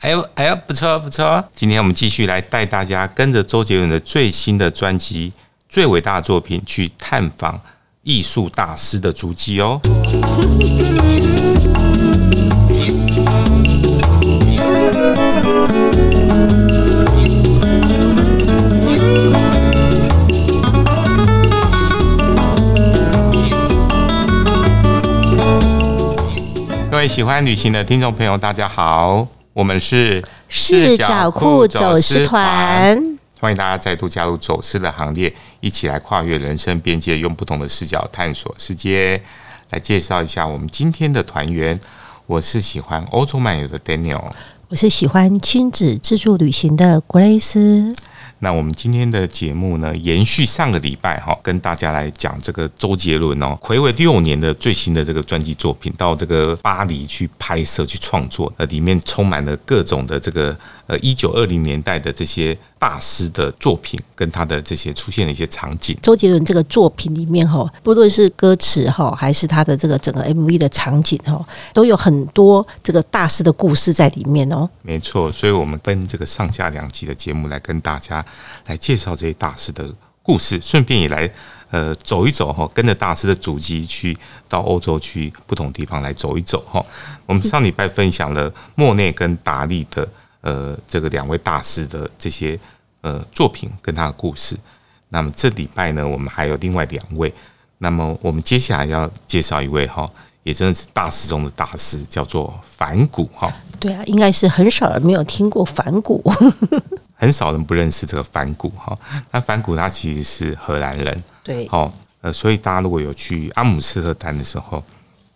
哎呦哎呦，不錯不錯，今天我們繼續來帶大家跟着周杰倫的最新的專輯《最偉大的作品》去探訪藝術大師的足跡哦。嗯嗯嗯嗯各位喜歡旅行的聽眾朋友，大家好，我們是視角酷走私團，私團，歡迎大家再度加入走私的行列，一起來跨越人生邊界，用不同的視角探索世界。來介紹一下我們今天的團員，我是喜歡歐洲漫遊的 Daniel，我是喜歡親子自助旅行的 Grace。那我們今天的節目呢，延續上個禮拜哈、哦，跟大家來講這個周杰倫哦，暌違六年的最新的這個專輯作品，到這個巴黎去拍攝去創作，呃，裡面充滿了各種的這個呃一九二零年代的這些。大師的作品跟他的這些出現的一些場景，周杰倫這個作品裡面哈，不論是歌詞哈，還是他的這個整個 MV 的場景哈，都有很多這個大師的故事在裡面哦。沒錯，所以我們分這個上下兩集的節目來跟大家來介紹這些大師的故事，順便也來呃走一走哈，跟着大師的足跡去到歐洲去不同地方來走一走哈。我們上禮拜分享了莫內跟達利的。呃，這個兩位大師的這些呃作品跟他的故事。那麼這禮拜呢，我們還有另外兩位。那麼我們接下來要介紹一位哈，也真的是大師中的大師，叫做梵谷哈。對啊，應該是很少人沒有聽過梵谷， 很少人不認識這個梵谷哈。那梵谷他其實是荷蘭人，對，好呃，所以大家如果有去阿姆斯特丹的時候，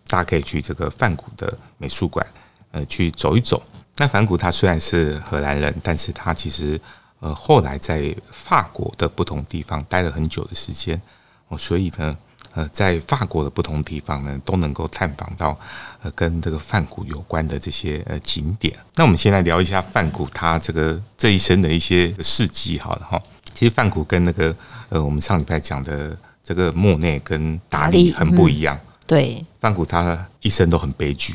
大家可以去這個梵谷的美術館呃去走一走。那梵谷他雖然是荷蘭人，但是他其實呃後來在法國的不同地方待了很久的時間哦，所以呢呃在法國的不同的地方呢都能夠探訪到呃跟這個梵谷有關的這些呃景點。那我們先來聊一下梵谷他這個這一生的一些事蹟，好了哈。其實梵谷跟那個呃我們上禮拜講的這個莫內跟達利很不一樣，嗯，對。梵谷他一生都很悲劇，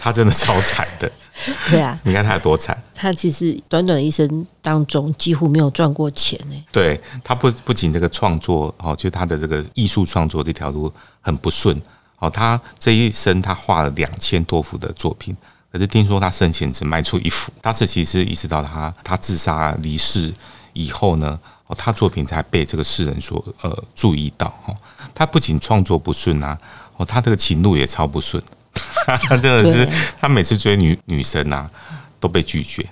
他真的超慘的。 對啊，你看他有多慘？他其實短短的一生當中幾乎沒有賺過錢呢。對，他不不僅這個創作哦，就他的這個藝術創作這條路很不順哦。他這一生他畫了兩千多幅的作品，可是聽說他生前只賣出一幅。他是其實一直到他他自殺離世以後呢，他作品才被這個世人所呃注意到。他不僅創作不順啊。哦，他這個情路也超不順，他真的是，啊、他每次追女女生啊，都被拒絕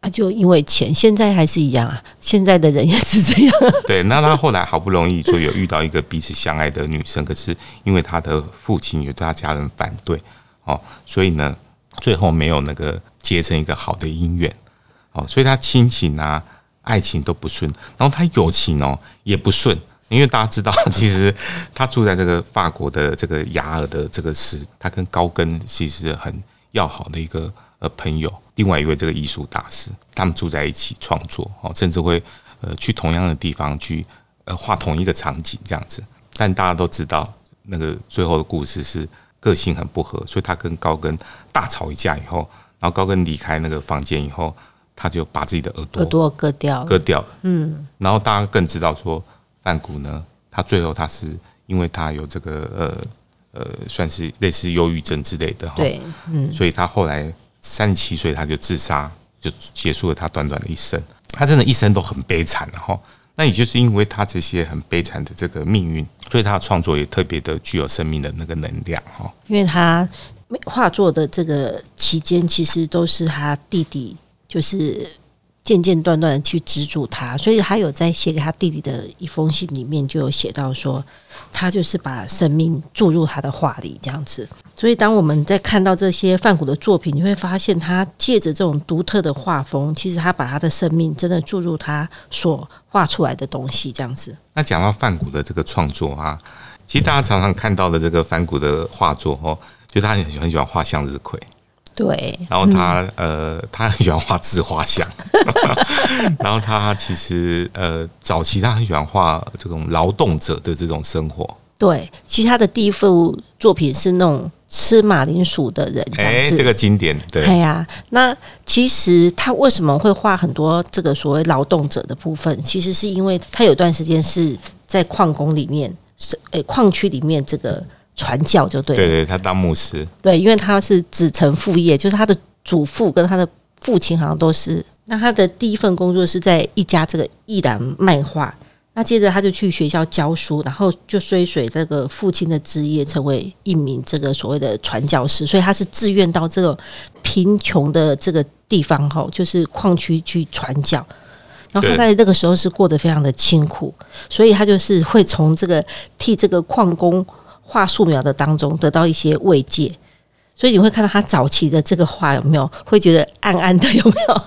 啊，就因為錢，現在還是一樣啊，現在的人也是這樣。對，那他後來好不容易說有遇到一個彼此相愛的女生， 可是因為他的父親也對他家人反對哦，所以呢，最後沒有那個結成一個好的姻緣哦，所以他親情啊、愛情都不順，然後他友情哦也不順。因為大家知道，其實他住在這個法國的這個雅爾的這個市，他跟高更其實很要好的一個呃朋友。另外一位這個藝術大師，他們住在一起創作哦，甚至會呃去同樣的地方去呃畫同一個場景這樣子。但大家都知道，那個最後的故事是個性很不合，所以他跟高更大吵一架以後，然後高更離開那個房間以後，他就把自己的耳朵耳朵割掉，割掉。嗯，然後大家更知道說。梵谷呢，他最後他是因為他有這個呃呃，算是類似憂鬱症之類的哈，對，嗯，所以他後來三十七歲他就自殺，就結束了他短短的一生。他真的一生都很悲慘哈，那也就是因為他這些很悲慘的這個命運，所以他創作也特別的具有生命的那個能量哈。因為他畫作的這個期間，其實都是他弟弟就是。間間斷斷的去資助他，所以他有在寫給他弟弟的一封信裡面就有寫到說，他就是把生命注入他的畫裡這樣子。所以當我們在看到這些梵谷的作品，你會發現他借着這種獨特的畫風，其實他把他的生命真的注入他所畫出來的東西這樣子。那講到梵谷的這個創作啊，其實大家常常看到的這個梵谷的畫作哦，就他很很喜歡畫向日葵。對，然後他、嗯、呃，他很喜歡畫自畫像。然後他其實呃，早期他很喜歡畫這種勞動者的這種生活。對，其實他的第一幅作品是那種吃馬鈴薯的人。哎、欸，這個經典。對，哎呀，那其實他為什麼會畫很多這個所謂勞動者的部分？其實是因為他有一段時間是在礦工裡面，是誒礦區裡面這個。傳教就對了，對，對他當牧師，對，因為他是子承父業，就是他的祖父跟他的父親好像都是。那他的第一份工作是在一家這個藝廊賣畫，那接着他就去學校教書，然後就追隨這個父親的職業，成為一名這個所謂的傳教士。所以他是自願到這個貧窮的這個地方，吼，就是礦區去傳教。然後他在那個時候是過得非常的清苦，所以他就是會從這個替這個礦工。畫素描的當中得到一些慰藉，所以你會看到他早期的這個畫有沒有？會覺得暗暗的有沒有？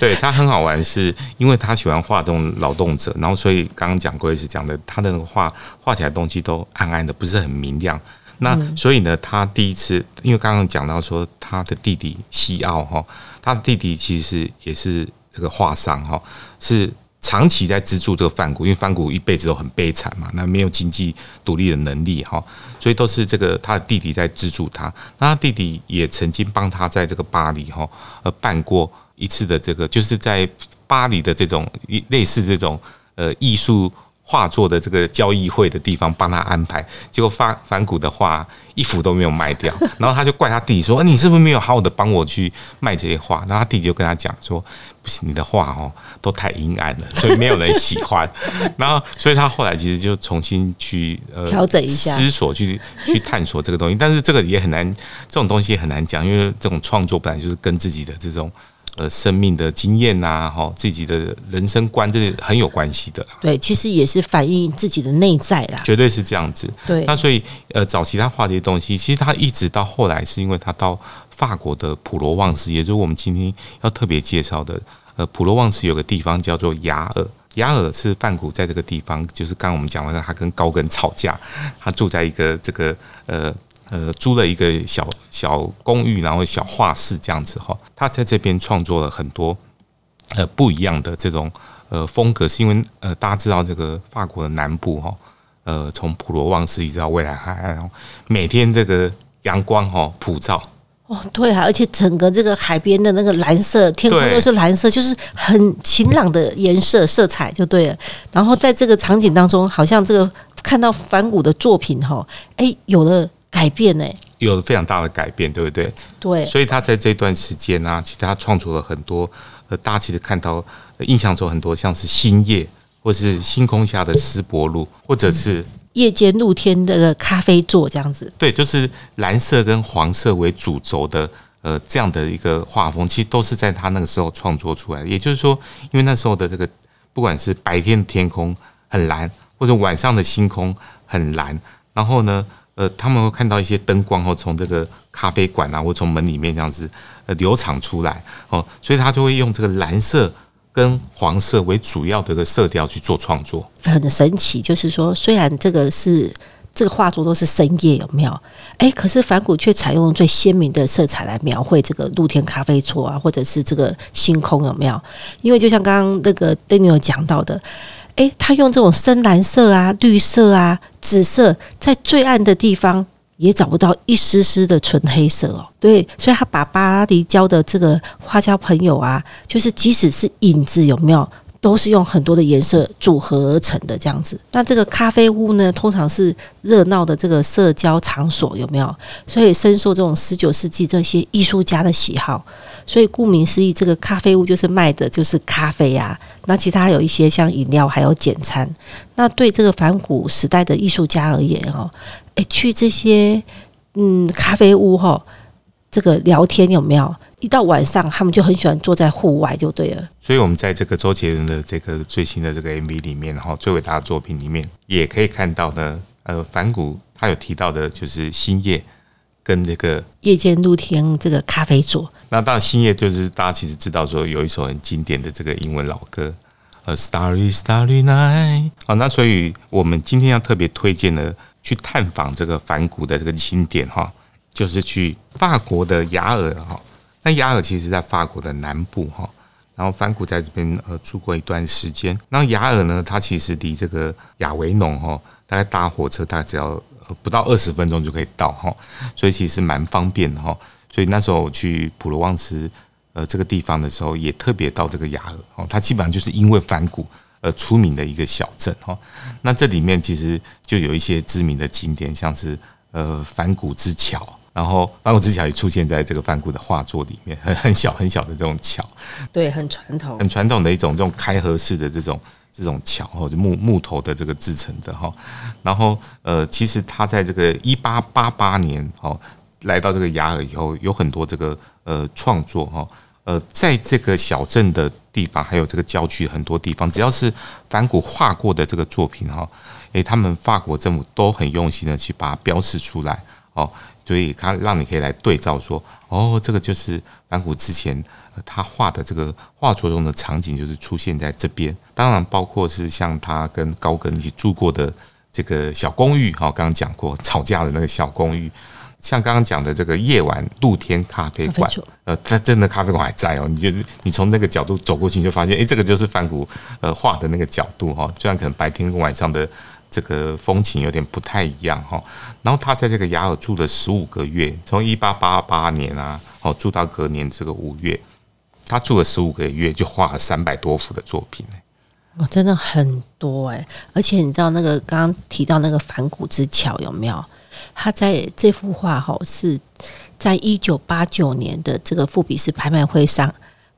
對他很好玩是，是因為他喜歡畫這種勞動者，然後所以剛剛講過也是講的，他的那個畫畫起來東西都暗暗的，不是很明亮。那所以呢，他第一次因為剛剛講到說他的弟弟西奧哈，他的弟弟其實也是這個畫商哈，是。長期在資助這個梵谷，因為梵谷一輩子都很悲慘嘛，那沒有經濟獨立的能力哈、哦，所以都是這個他的弟弟在資助他。那他弟弟也曾經幫他在這個巴黎哈、哦，呃辦過一次的這個，就是在巴黎的這種類似這種呃藝術。畫作的這個交易會的地方幫他安排，結果梵谷的畫一幅都沒有賣掉，然後他就怪他弟弟說：“呃、你是不是沒有好好的幫我去賣這些畫？”然後他弟弟就跟他講說：“不行，你的畫哦都太陰暗了，所以沒有人喜歡。” 然後，所以他後來其實就重新去呃調整一下，思索去去探索這個東西。但是這個也很難，這種東西也很難講，因為這種創作本來就是跟自己的這種。呃，生命的經驗吶、啊，吼，自己的人生觀，這是很有關係的。對，其實也是反映自己的內在啦，絕對是這樣子。對，那所以呃，早期他畫的一些東西，其實他一直到後來，是因為他到法國的普羅旺斯，也就是我們今天要特別介紹的。呃，普羅旺斯有個地方叫做雅爾，雅爾是梵谷在這個地方，就是剛剛我們講完了，他跟高更吵架，他住在一個這個呃。呃，租了一個小小公寓，然後小畫室這樣子哈。他、哦、在這邊創作了很多呃不一樣的這種呃風格，是因為呃大家知道這個法國的南部哈、哦，呃從普羅旺斯一直到蔚藍海岸，每天這個陽光哈、哦、普照。哦，對啊，而且整個這個海邊的那個藍色天空都是藍色，對就是很晴朗的顏色色彩就對了。然後在這個場景當中，好像這個看到梵谷的作品哈，誒、欸，有了。改變呢、欸，有非常大的改變，對不對？對。所以他在這段時間呢、啊，其實他創作了很多。呃，大家其實看到、呃、印象中很多像是星夜，或是星空下的絲柏路，或者是、嗯、夜間露天的咖啡座這樣子。對，就是藍色跟黃色為主軸的呃這樣的一個畫風，其實都是在他那個時候創作出來的。也就是說，因為那時候的這個不管是白天的天空很藍，或者晚上的星空很藍，然後呢，呃，他們會看到一些燈光或從這個咖啡館啊，或從門裡面這樣子，呃，流淌出來哦，所以他就會用這個藍色跟黃色為主要的個色調去做創作。很神奇，就是說，雖然這個是這個畫作都是深夜有沒有？誒可是梵谷卻採用最鮮明的色彩來描繪這個露天咖啡座啊，或者是這個星空有沒有？因為就像剛剛那個 Daniel 講到的。哎，他用這種深藍色啊、綠色啊、紫色，在最暗的地方也找不到一絲絲的純黑色哦。對，所以他把巴黎交的這個畫家朋友啊，就是即使是影子有沒有，都是用很多的顏色組合而成的這樣子。那這個咖啡屋呢，通常是熱鬧的這個社交場所，有沒有？所以深受這種十九世紀這些藝術家的喜好。所以顧名思義，這個咖啡屋就是賣的就是咖啡呀、啊。那其他有一些像飲料，還有簡餐。那對這個梵谷時代的藝術家而言，哦、欸，去這些嗯咖啡屋哈，這個聊天有沒有？一到晚上，他們就很喜歡坐在戶外，就對了。所以，我們在這個周杰倫的這個最新的這個 MV 裡面，然後最偉大的作品裡面，也可以看到呢。呃，梵谷他有提到的就是星夜跟這個夜間露天這個咖啡座。那到星夜就是大家其實知道說，有一首很經典的這個英文老歌 A Starry Starry《A Starry Starry Night》。好，那所以我們今天要特別推薦的去探訪這個梵谷的這個景點哈，就是去法國的雅爾哈。那雅爾其實，在法國的南部哈，然後梵谷在這邊呃住過一段時間。那雅爾呢，它其實離這個亞維農哈，大概搭火車大概只要不到二十分鐘就可以到哈，所以其實蠻方便的哈。所以那時候我去普羅旺斯，呃，這個地方的時候，也特別到這個雅爾，哦，它基本上就是因為梵谷而出名的一個小鎮，哦，那這裡面其實就有一些知名的景點，像是呃梵谷之橋，然後梵谷之橋也出現在這個梵谷的畫作裡面，很很小很小的這種橋，對，很傳統，很傳統的一種這種開合式的這種這種橋，哦，就木木頭的這個製成的哈，哦。然後呃，其實它在這個一八八八年，哦來到這個雅爾以後，有很多這個呃創作哈、哦，呃，在這個小鎮的地方，還有這個郊區很多地方，只要是梵谷畫過的這個作品哈、哦，誒、欸，他們法國政府都很用心的去把它標示出來哦，所以它讓你可以來對照說，哦，這個就是梵谷之前他畫的這個畫作中的場景，就是出現在這邊。當然，包括是像他跟高更一起住過的這個小公寓哈、哦，剛剛講過吵架的那個小公寓。像剛剛講的這個夜晚露天咖啡館，呃，他真的咖啡館還在哦、喔。你就你從那個角度走過去，就發現，誒，這個就是梵谷呃畫的那個角度哈。雖然可能白天跟晚上的這個風情有點不太一樣哈、喔。然後他在這個雅爾住了十五個月，從一八八八年啊，哦，住到隔年這個五月，他住了十五個月，就畫了三百多幅的作品哎、欸，哦、真的很多哎、欸。而且你知道那個剛剛提到那個梵谷之橋有沒有？他在這幅畫是在一九八九年的這個富比斯拍賣會上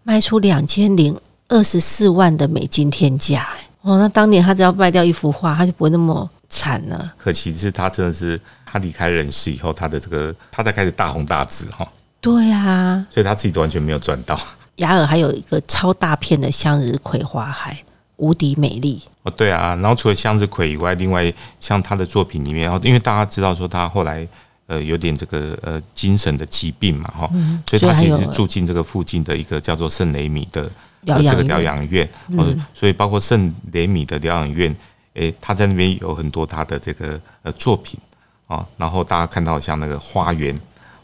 賣出兩千零二十四萬的美金天價、哎、哦，那當年他只要賣掉一幅畫，他就不會那麼慘了。可其實他真的是他離開人世以後，他的這個他才開始大紅大紫哈。哦、對啊，所以他自己都完全沒有賺到。雅爾還有一個超大片的向日葵花海，無敵美麗。哦，對啊，然後除了向日葵以外，另外像他的作品裡面，然後因為大家知道說他後來呃有點這個呃精神的疾病嘛，哈、嗯，所以他其實有住進這個附近的一個叫做聖雷米的這個療養院，哦，嗯、所以包括聖雷米的療養院，誒、欸，他在那邊有很多他的這個呃作品啊、哦，然後大家看到像那個花園。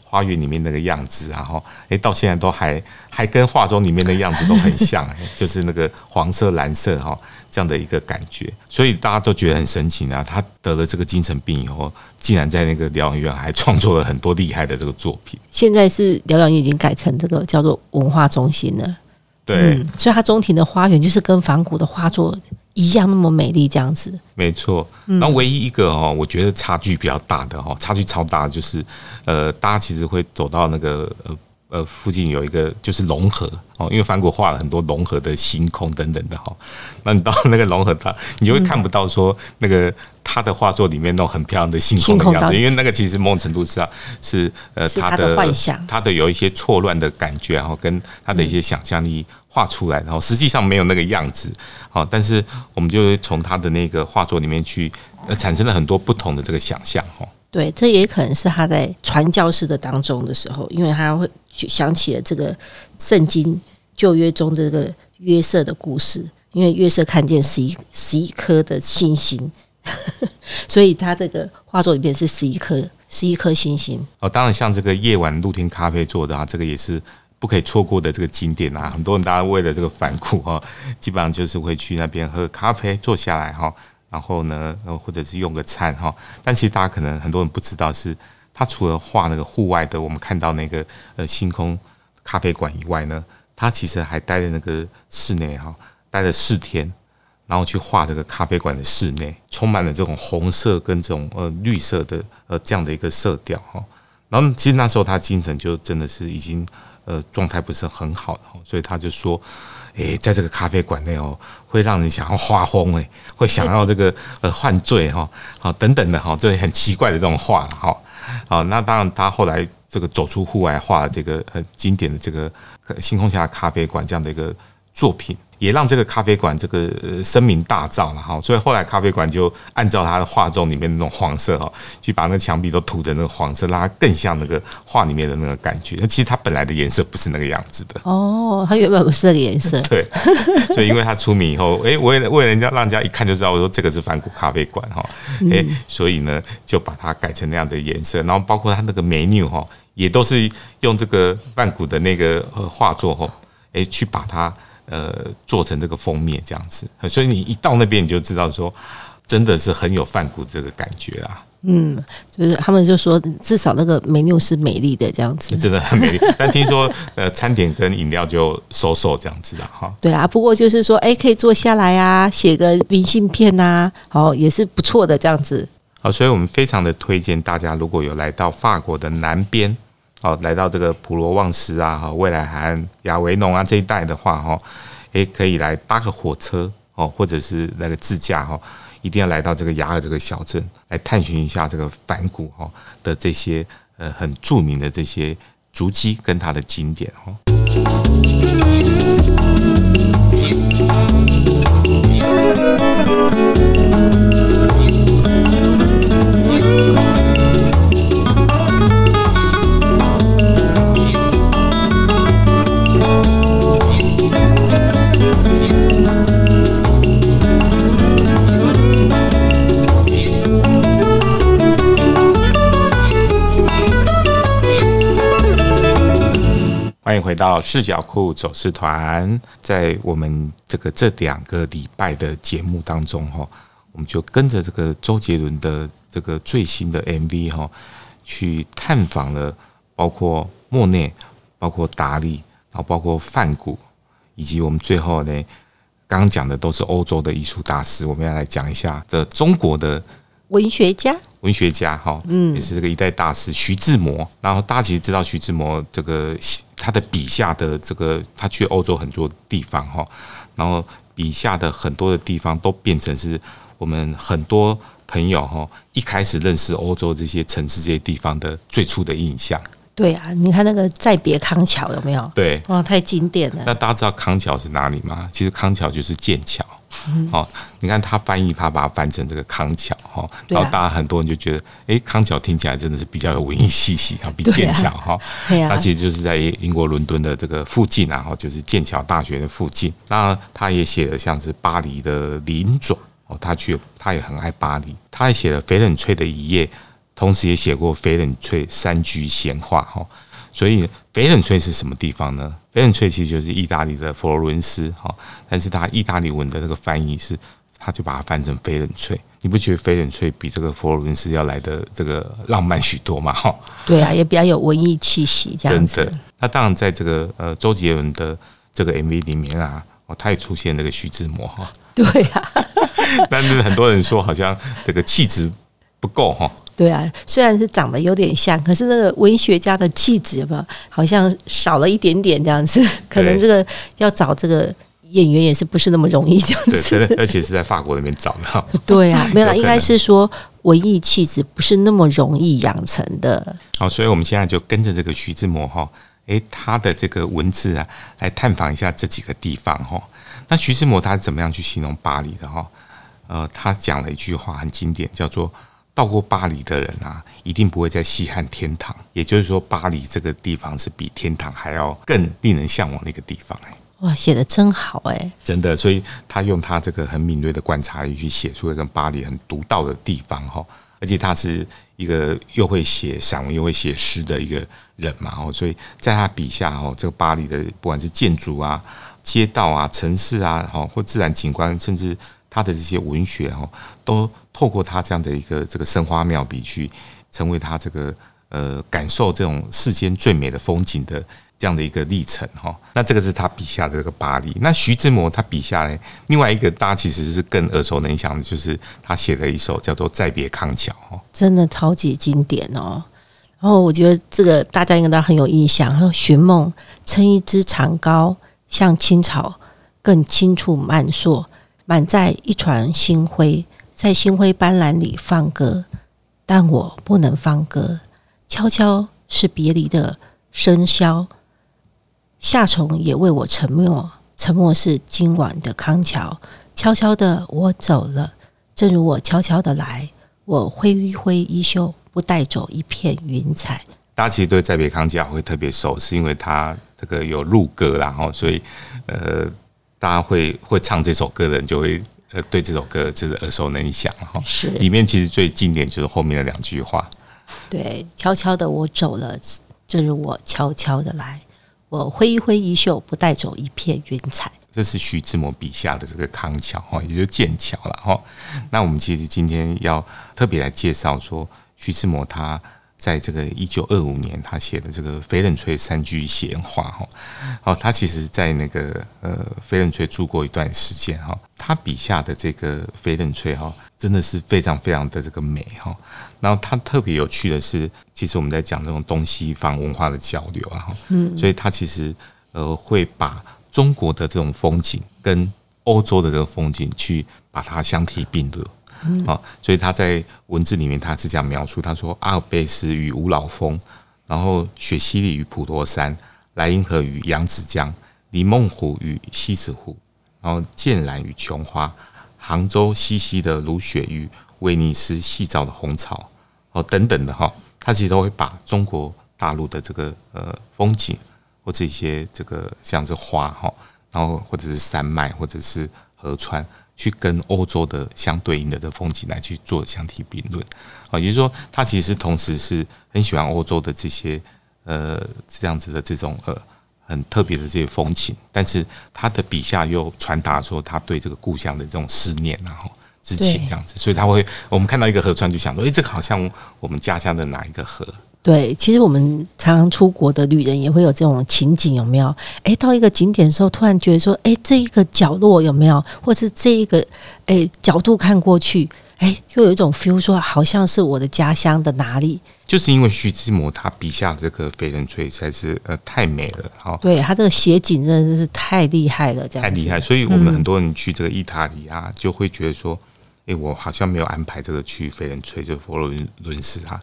花園裡面那個樣子、啊，然後哎，到現在都還還跟畫中裡面的樣子都很像、欸， 就是那個黃色、藍色哈、喔、這樣的一個感覺，所以大家都覺得很神奇啊！他得了這個精神病以後，竟然在那個療養院還創作了很多厲害的這個作品。現在是療養院已經改成這個叫做文化中心了。對、嗯，所以它中庭的花園就是跟梵谷的畫作一樣那麼美麗，這樣子。沒錯，那唯一一個哦，我覺得差距比較大的哈、哦，差距超大，就是呃，大家其實會走到那個呃。呃，附近有一個就是龍河哦，因為梵谷畫了很多龍河的星空等等的哈。那你到那個龍河他，他你就會看不到說那個他的畫作裡面那種很漂亮的星空的樣子，因為那個其實某種程度上是呃他,他的幻想，他的有一些錯亂的感覺哈，跟他的一些想象力畫出來，然後實際上沒有那個樣子。好，但是我們就從他的那個畫作裡面去，產生了很多不同的這個想象哈。對，這也可能是他在傳教士的當中的時候，因為他會。就想起了這個聖經舊約中的這個約瑟的故事，因為約瑟看見十一十一顆的星星，所以他這個畫作裡面是十一顆，十一顆星星。哦，當然像這個夜晚露天咖啡座的啊，這個也是不可以錯過的這個景點啊。很多人大家為了這個梵谷啊、哦，基本上就是會去那邊喝咖啡，坐下來哈、哦，然後呢，或者是用個餐哈、哦。但其實大家可能很多人不知道是。他除了畫那個戶外的，我們看到那個呃星空咖啡館以外呢，他其實還待在那個室內哈，待了四天，然後去畫這個咖啡館的室內，充滿了這種紅色跟這種呃綠色的呃這樣的一個色調哈。然後其實那時候他精神就真的是已經呃狀態不是很好，所以他就說，哎，在這個咖啡館內哦，會讓人想要發瘋誒，會想要這個呃犯罪哈，好等等的哈，這很奇怪的這種話哈。好，那當然，他後來這個走出戶外，畫這個呃經典的這個星空下咖啡館這樣的一個作品。也讓這個咖啡館這個聲名大噪了哈，所以後來咖啡館就按照他的畫作裡面的那種黃色哈，去把那牆壁都塗成那個黃色，讓它更像那個畫裡面的那個感覺。其實它本來的顏色不是那個樣子的哦，它原本不是那個顏色。對，所以因為它出名以後，哎、欸，我也為人家讓人家一看就知道，我說這個是梵谷咖啡館哈，哎、欸，所以呢就把它改成那樣的顏色，然後包括他那個 menu 哈，也都是用這個梵谷的那個畫作哈，哎、欸，去把它。呃，做成這個封面這樣子，所以你一到那邊你就知道說，真的是很有梵谷這個感覺啊。嗯，就是他們就說，至少那個 menu 是美麗的這樣子，真的很美麗。 但聽說呃，餐點跟飲料就 so so 這樣子的、啊、哈。對啊，不過就是說，誒，可以坐下來啊，寫個明信片吶、啊，好、哦，也是不錯的這樣子。好，所以我們非常的推薦大家，如果有來到法國的南邊。哦，來到這個普羅旺斯啊，哈，未來海岸、亞維農啊這一帶的話，哈，也可以來搭個火車哦，或者是那個自駕哈，一定要來到這個雅爾這個小鎮，來探尋一下這個梵谷哈的這些呃很著名的這些足跡跟它的景點哦。嗯嗯嗯。歡迎回到視角酷走私團。在我們這個這兩個禮拜的節目當中，哈，我們就跟着這個周杰倫的這個最新的 MV，哈，哦，去探訪了包括莫內、包括達利，然後包括梵谷，以及我們最後呢，剛剛講的都是歐洲的藝術大師。我們要來講一下的中國的文學家。文學家哈，嗯，也是這個一代大師、嗯、徐志摩。然後大家其實知道徐志摩這個他的筆下的這個，他去歐洲很多地方哈，然後筆下的很多的地方都變成是我們很多朋友哈一開始認識歐洲這些城市、這些地方的最初的印象。對啊，你看那個《再別康橋》有沒有？對，哇，太經典了。那大家知道康橋是哪裡嗎？其實康橋就是劍橋。嗯、哦，你看他翻譯，他把它翻成這個康橋哈，哦啊，然後大家很多人就覺得，哎，欸，康橋聽起來真的是比較有文藝氣息啊，比劍橋哈，他其實就是在英國倫敦的這個附近，啊，然後就是劍橋大學的附近。當然他也寫了像是巴黎的林總，哦，他去他也很愛巴黎，他也寫了《翡冷翠的一夜》，同時也寫過《翡冷翠三句閒話》哈，哦。所以，翡冷翠是什麼地方呢？翡冷翠其實就是意大利的佛羅倫斯哈，但是它意大利文的這個翻譯是，他就把它翻成翡冷翠。你不覺得翡冷翠比這個佛羅倫斯要來的這個浪漫許多嗎？哈，對啊，也比較有文藝氣息，這樣子。那當然，在這個呃周杰倫的這個 MV 裡面啊，哦，他也出現那個徐志摩哈，哦、對啊， 但是很多人說好像這個氣質不夠哈。哦對啊，雖然是長得有點像，可是那個文學家的氣質吧，好像少了一點點這樣子。可能這個對要找這個演員也是不是那麼容易這樣子。對，而且是在法國那邊找到。對啊， 有可能沒有、啊，應該是說文藝氣質不是那麼容易養成的。好，所以我們現在就跟着這個徐志摩哈、哦，哎，他的這個文字啊，來探訪一下這幾個地方哈、哦。那徐志摩他是怎麼樣去形容巴黎的哈、哦？呃，他講了一句話很經典，叫做。到過巴黎的人啊，一定不會再稀罕天堂。也就是說，巴黎這個地方是比天堂還要更令人向往的一個地方欸。哇，寫得真好欸。真的，所以他用他這個很敏銳的觀察力去寫出了跟巴黎很獨到的地方哈。而且他是一個又會寫散文又會寫詩的一個人嘛。哦，所以在他筆下哦，這個巴黎的不管是建築啊、街道啊、城市啊，或自然景觀，甚至。他的這些文學哈，都透過他這樣的一個這個生花妙筆去成為他這個呃，感受這種世間最美的風景的這樣的一個歷程哈。那這個是他筆下的這個巴黎。那徐志摩他筆下呢，另外一個大家其實是更耳熟能詳的，就是他寫的一首叫做《再別康橋》哦，真的超級經典哦。然後我覺得這個大家應該都很有印象。然後尋夢，撐一支長篙，向青草更青處漫溯。滿載一船星輝，在星輝斑斕裡放歌，但我不能放歌，悄悄是別離的笙簫，夏蟲也為我沉默，沉默是今晚的康橋，悄悄的我走了，正如我悄悄的來，我揮揮衣袖，不帶走一片雲彩。大家其實對《再別康橋》會特別熟，是因為它這個有入歌然後，所以呃。大家會會唱這首歌的人，就會呃對這首歌就是耳熟能詳哈。是裡面其實最經典就是後面的兩句話，對，悄悄的我走了，正如我悄悄的來，我揮一揮衣袖，不帶走一片雲彩。這是徐志摩筆下的這個康橋，也就是劍橋了哈。那我們其實今天要特別來介紹說，徐志摩他。在這個一九二五年，他寫的這個《翡冷翠山居閒話》哈，哦，他其實，在那個呃翡冷翠住過一段時間哈，他筆下的這個翡冷翠哈，真的是非常非常的這個美哈。然後他特別有趣的是，其實我們在講這種東西方文化的交流啊，嗯，所以他其實呃會把中國的這種風景跟歐洲的這個風景去把它相提並論。啊，嗯、所以他在文字裡面他是這樣描述：他說，阿爾卑斯與五老峰，然後雪西里與普陀山，萊茵河與揚子江，李夢湖與西子湖，然後建蘭與瓊花，杭州西溪的蘆雪與威尼斯夕照的紅潮，哦等等的哈，他其實都會把中國大陸的這個呃風景或者一些這個像是花哈，然後或者是山脈或者是河川。去跟歐洲的相對應的這風景來去做相提並論，好，也就是說，他其實同時是很喜歡歐洲的這些呃這樣子的這種呃很特別的這些風情，但是他的筆下又傳達出他對這個故鄉的這種思念然、啊、後之情這樣子，所以他會我們看到一個河川就想說，誒，這個好像我們家鄉的哪一個河。對，其實我們常常出國的旅人也會有這種情景，有沒有？誒到一個景點的時候，突然覺得說，哎，這一個角落有沒有，或是這一個哎角度看過去，哎，就有一種 feel 說，好像是我的家鄉的哪裡？就是因為徐志摩他筆下的這個翡冷翠才是呃太美了，好、哦，對他這個寫景真的是太厲害了，這樣太厲害。所以我們很多人去這個意大利啊，嗯、就會覺得說，哎，我好像沒有安排這個去翡冷翠，就佛羅倫斯啊。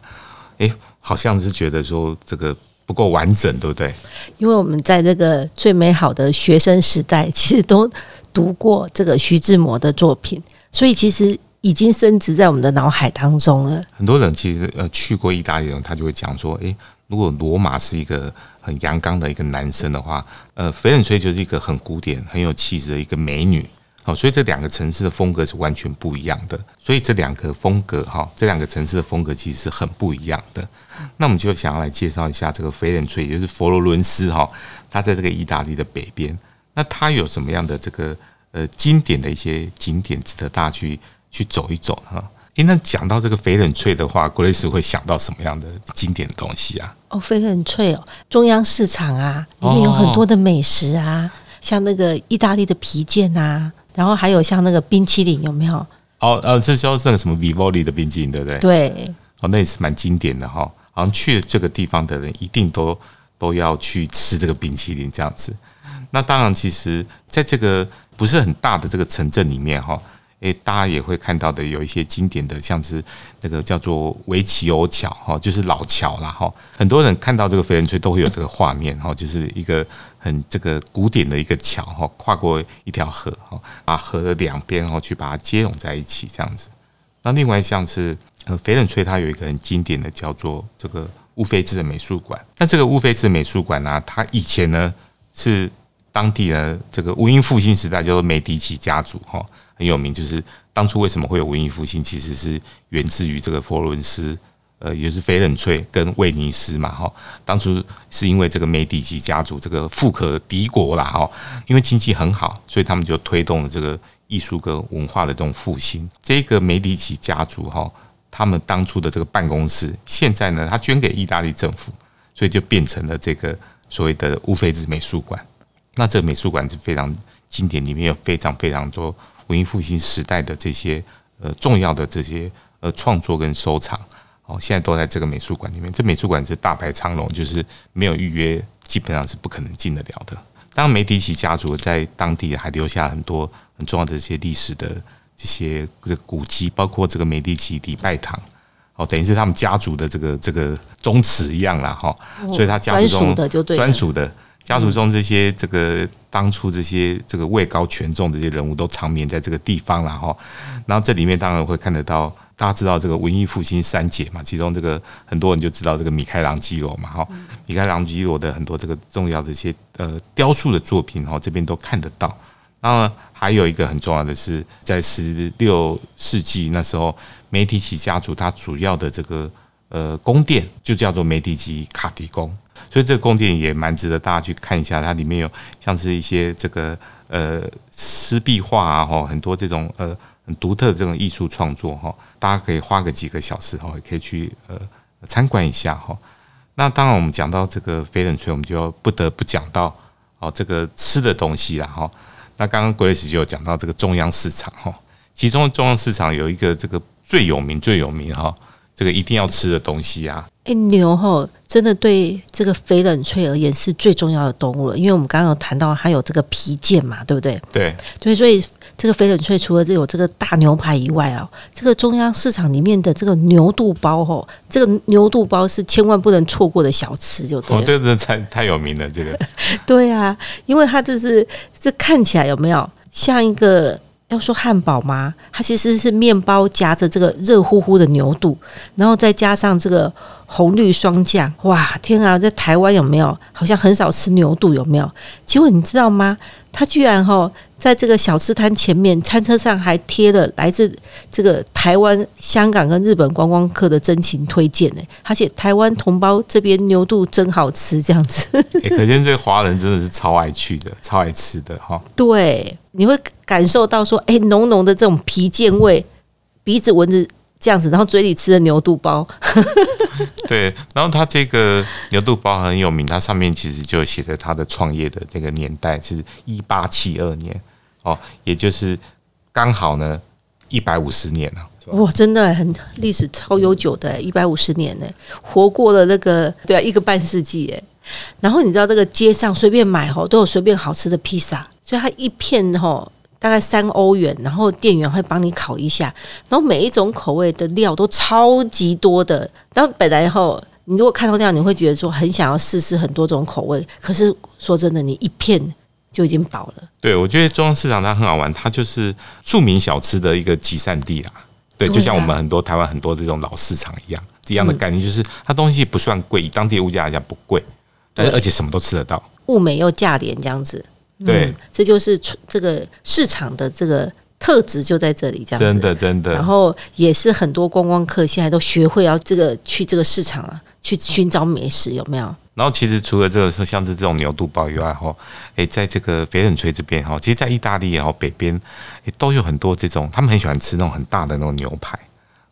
哎，好像是覺得說這個不夠完整，對不對？因為我們在這個最美好的學生時代，其實都讀過這個徐志摩的作品，所以其實已經深植在我們的腦海當中了。很多人其實呃去過意大利人，他就會講說，哎，如果羅馬是一個很陽剛的一個男生的話，呃，翡冷翠就是一個很古典、很有氣質的一個美女。所以這兩個城市的風格是完全不一樣的，所以這兩個風格哈，這兩個城市的風格其實是很不一樣的。那我們就想要來介紹一下這個翡冷翠，也就是佛羅倫斯哈，它在這個意大利的北邊。那它有什麼樣的這個呃經典的一些景點值得大家去去走一走哈，哎、呃，那講到這個翡冷翠的話 Grace 會想到什麼樣的經典的東西啊？哦，翡冷翠哦，中央市場啊，裡面有很多的美食啊，哦哦像那個意大利的皮件啊。然後還有像那個冰淇淋有沒有？哦，oh, 呃，這就是那個什麼 Vivoli 的冰淇淋，對不對？對，哦，oh, 那也是蠻經典的哈、哦。好像去這個地方的人一定都都要去吃這個冰淇淋這樣子。那當然，其實在這個不是很大的這個城鎮裡面哈、哦。哎，大家也會看到的，有一些經典的，像是那個叫做“維奇歐橋”哈，就是老橋啦。哈。很多人看到這個翡冷翠都會有這個畫面哈，就是一個很這個古典的一個橋哈，跨過一條河哈，把河的兩邊去把它接融在一起這樣子。那另外像是呃，翡冷翠它有一個很經典的叫做這個烏菲茲的美術館。那這個烏菲茲的美術館呢、啊，它以前呢是當地的這個文藝復興時代叫做美第奇家族哈。很有名，就是當初為什麼會有文藝復興，其實是源自於這個佛羅倫斯，呃，也就是翡冷翠跟威尼斯嘛，哈、哦。當初是因為這個梅迪奇家族這個富可敵國啦。哈、哦，因為經濟很好，所以他們就推動了這個藝術跟文化的這種復興。這個梅迪奇家族，哈、哦，他們當初的這個辦公室，現在呢，他捐給意大利政府，所以就變成了這個所謂的烏菲茲美術館。那這個美術館是非常經典，裡面有非常非常多。文藝復興時代的這些呃重要的這些呃創作跟收藏，哦，現在都在這個美術館裡面。這美術館是大排長龍，就是沒有預約基本上是不可能進得了的。當然梅迪奇家族在當地還留下很多很重要的這些歷史的這些這古蹟，包括這個梅迪奇禮拜堂，哦，等於是他們家族的這個這個宗祠一樣了哈。哦哦，所以，他家族中就專屬的家族中這些這個。嗯當初這些這個位高權重的這些人物都長眠在這個地方了哈，然後這裡面當然會看得到，大家知道這個文藝復興三傑嘛，其中這個很多人就知道這個米開朗基羅嘛哈，米開朗基羅的很多這個重要的一些呃雕塑的作品哈，這邊都看得到。然後還有一個很重要的是，在十六世紀那時候，梅迪奇家族它主要的這個呃宮殿就叫做梅迪奇卡迪宮。所以這個宮殿也蠻值得大家去看一下，它裡面有像是一些這個呃濕壁畫啊哈，很多這種呃很獨特的這種藝術創作哈，大家可以花個幾個小時哈，也可以去呃參觀一下哈。那當然我們講到這個翡冷翠，我們就不得不講到哦這個吃的東西了哈。那剛剛 Grace 就有講到這個中央市場哈，其中中央市場有一個這個最有名最有名哈，這個一定要吃的東西啊。哎、欸，牛吼，真的對這個翡冷翠而言是最重要的動物了，因為我們剛剛有談到它有這個皮件嘛，對不對？對，所以所以這個翡冷翠除了這有這個大牛排以外啊，這個中央市場裡面的這個牛肚包吼，這個牛肚包是千萬不能錯過的小吃就對了，就哦，這個真的太，太有名了，這個 對啊，因為它這是這是看起來有沒有像一個。要說漢堡嗎？它其實是麵包夾着這個熱乎乎的牛肚，然後再加上這個紅綠雙醬。哇，天啊！在台灣有沒有？好像很少吃牛肚，有沒有？結果你知道嗎？他居然哈，在這個小吃攤前面餐車上還貼了來自這個台灣、香港跟日本觀光客的真情推薦呢、欸。而且台灣同胞這邊牛肚真好吃，這樣子、欸。可見這華人真的是超愛去的，超愛吃的哈。哦、對，你會。感受到說，哎、欸，濃濃的這種皮件味，鼻子聞着這樣子，然後嘴裡吃的牛肚包， 對，然後他這個牛肚包很有名，它上面其實就寫着他的創業的這個年代、就是一八七二年，哦，也就是剛好呢一百五十年了，哇，真的很歷史超悠久的，一百五十年呢，活過了那個對啊一個半世紀哎，然後你知道這個街上隨便買吼都有隨便好吃的披薩，所以它一片吼。大概三歐元，然後店員會幫你烤一下，然後每一種口味的料都超級多的。然後本來以後，你如果看到這樣，你會覺得說很想要試試很多種口味。可是說真的，你一片就已經飽了。對，我覺得中央市場它很好玩，它就是著名小吃的一個集散地啦、啊。對，對啊，就像我們很多台灣很多的這種老市場一樣，一樣的概念，就是它東西不算貴，以當地物價來講不貴，對但是而且什麼都吃得到，物美又價廉這樣子。對、嗯，這就是這個市場的這個特質就在這裡，這樣真的真的。真的然後也是很多觀光客現在都學會要這個去這個市場了，啊，去尋找美食有沒有？然後其實除了這個像是這種牛肚包以外哈，哦，在這個翡冷翠這邊哈，哦，其實，在意大利也好，哦，北邊都有很多這種，他們很喜歡吃那種很大的那種牛排，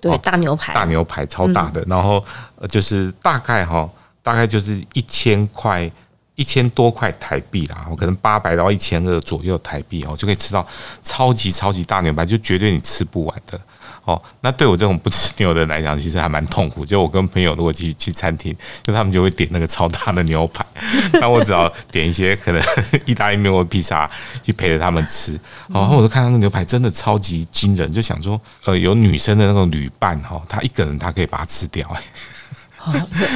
對，大牛排，哦，大牛排超大的，嗯，然後就是大概哈，哦，大概就是一千塊。一千多塊台幣啦，我可能八百到一千二左右台幣哦、喔，就可以吃到超級超級大牛排，就絕對你吃不完的哦、喔。那對我這種不吃牛的人來講,其實還蠻痛苦。就我跟朋友如果去去餐廳，就他們就會點那個超大的牛排，那 我只要點一些可能意大利麵或披薩去陪着他們吃。然後、 喔、我就看到那個牛排真的超級驚人，就想說，呃，有女生的那種旅伴哈，她、喔、一個人她可以把它吃掉、欸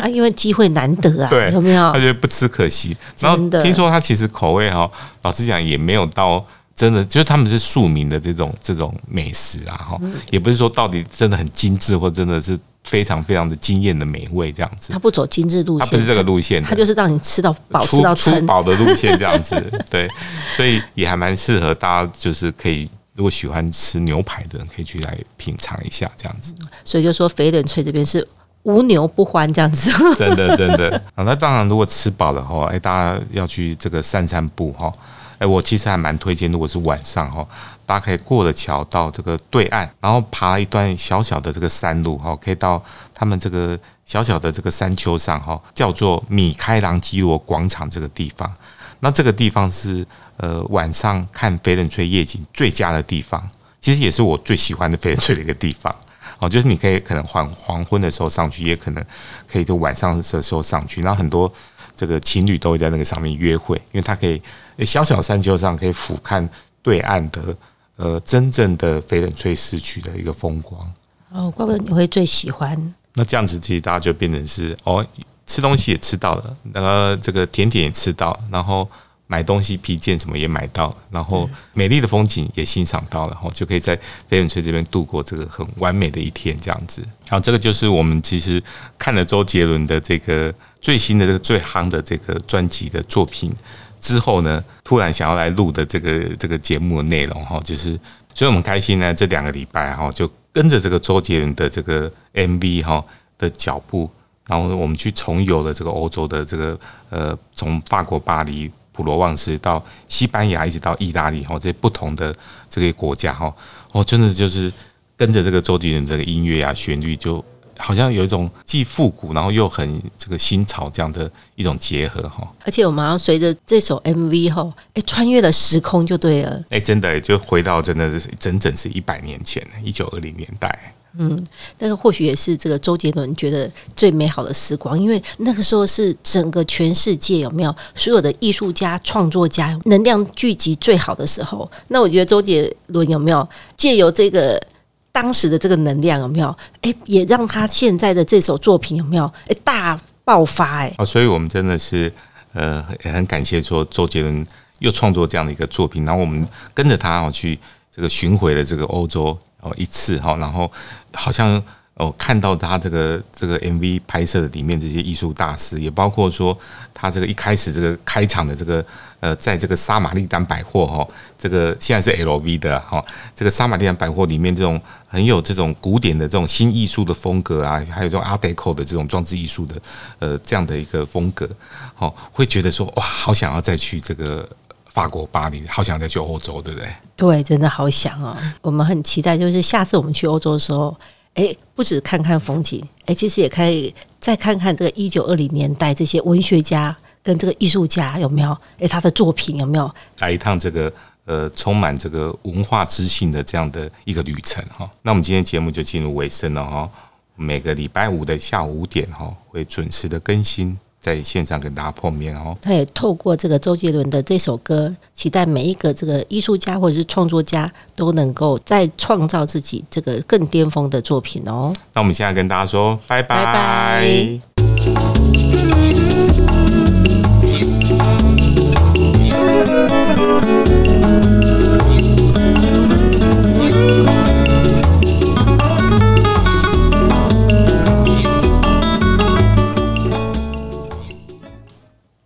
啊，因為機會難得啊，有沒有？他覺得不吃可惜。真的然後聽說他其實口味哈、哦，老實講也沒有到真的，就是他們是庶民的這種這種美食啊，哈、嗯，也不是說到底真的很精致或真的是非常非常的驚豔的美味這樣子。他不走精致路線，他不是這個路線的，他就是讓你吃到飽吃到吃飽的路線這樣子。對， 所以也還蠻適合大家，就是可以如果喜歡吃牛排的人可以去來品嘗一下這樣子。所以就說翡冷翠這邊是。無牛不歡這樣子真，真的真的啊！那當然，如果吃飽了哈，哎，大家要去這個散散步哈。哎，我其實還蠻推薦，如果是晚上哈，大家可以過了橋到這個對岸，然後爬一段小小的這個山路哈，可以到他們這個小小的這個山丘上哈，叫做米開朗基羅廣場這個地方。那這個地方是呃晚上看翡冷翠夜景最佳的地方，其實也是我最喜歡的翡冷翠的一個地方。 哦，就是你可以可能黃黃昏的時候上去，也可能可以就晚上的時候上去。那很多這個情侶都會在那個上面約會，因為它可以誒，小小山丘上可以俯瞰對岸的呃真正的翡冷翠市區的一個風光。哦，怪不得你會最喜歡。那這樣子，其實大家就變成是哦，吃東西也吃到了，然後這個甜點也吃到，然後。買東西、皮件，什麼也買到了，然後美麗的風景也欣賞到了，嗯嗯嗯，就可以在飛雲村這邊度過這個很完美的一天，這樣子。然後這個就是我們其實看了周杰倫的這個最新的這個最夯的這個專輯的作品之後呢，突然想要來錄的這個這個節目的內容哈，就是所以我們開心呢，這兩個禮拜哈，就跟着這個周杰倫的這個 MV 哈的腳步，然後我們去重遊了這個歐洲的這個呃，從法國巴黎，普羅旺斯到西班牙，一直到意大利，哈，這些不同的這個國家，哈，哦，真的就是跟着這個周杰倫這個音樂啊，旋律就好像有一種既復古，然後又很這個新潮這樣的一種結合，哈、喔。而且我們要隨着這首 MV 哈、欸，哎，穿越了時空就對了，哎、欸，真的就回到真的是整整是一百年前，一九二零年代。嗯，那個或許也是這個周杰倫覺得最美好的時光，因為那個時候是整個全世界有沒有所有的藝術家、創作家能量聚集最好的時候。那我覺得周杰倫有沒有借由這個當時的這個能量有沒有？哎、欸，也讓他現在的這首作品有沒有？哎、欸，大爆發、欸！哎，哦，所以我們真的是呃很感謝，說周杰倫又創作這樣的一個作品，然後我們跟着他啊去這個巡回了這個歐洲。哦，一次哈，然後好像哦，看到他這個這個 MV 拍攝的裡面這些藝術大師，也包括說他這個一開始這個開場的這個呃，在這個莎瑪麗丹百貨哈、哦，這個現在是 LV 的哈、哦，這個莎瑪麗丹百貨裡面這種很有這種古典的這種新藝術的風格啊，還有這種 Art Deco 的這種裝置藝術的呃這樣的一個風格，哦，會覺得說哇，好想要再去這個。法國巴黎，好想再去歐洲，對不對？對，真的好想啊，哦、我們很期待，就是下次我們去歐洲的時候，哎，不止看看風景，哎，其實也可以再看看這個一九二零年代這些文學家跟這個藝術家有沒有，哎，他的作品有沒有？來一趟這個呃，充滿這個文化知性的這樣的一個旅程哈、哦。那我們今天節目就進入尾聲了哈，哦。每個禮拜五的下午五點哈，哦，會準時的更新。在現場跟大家碰面哦、對，他也透過這個周杰倫的這首歌，期待每一個這個藝術家或者是創作家都能夠再創造自己這個更巔峰的作品哦。那我們現在跟大家說，拜拜。拜拜。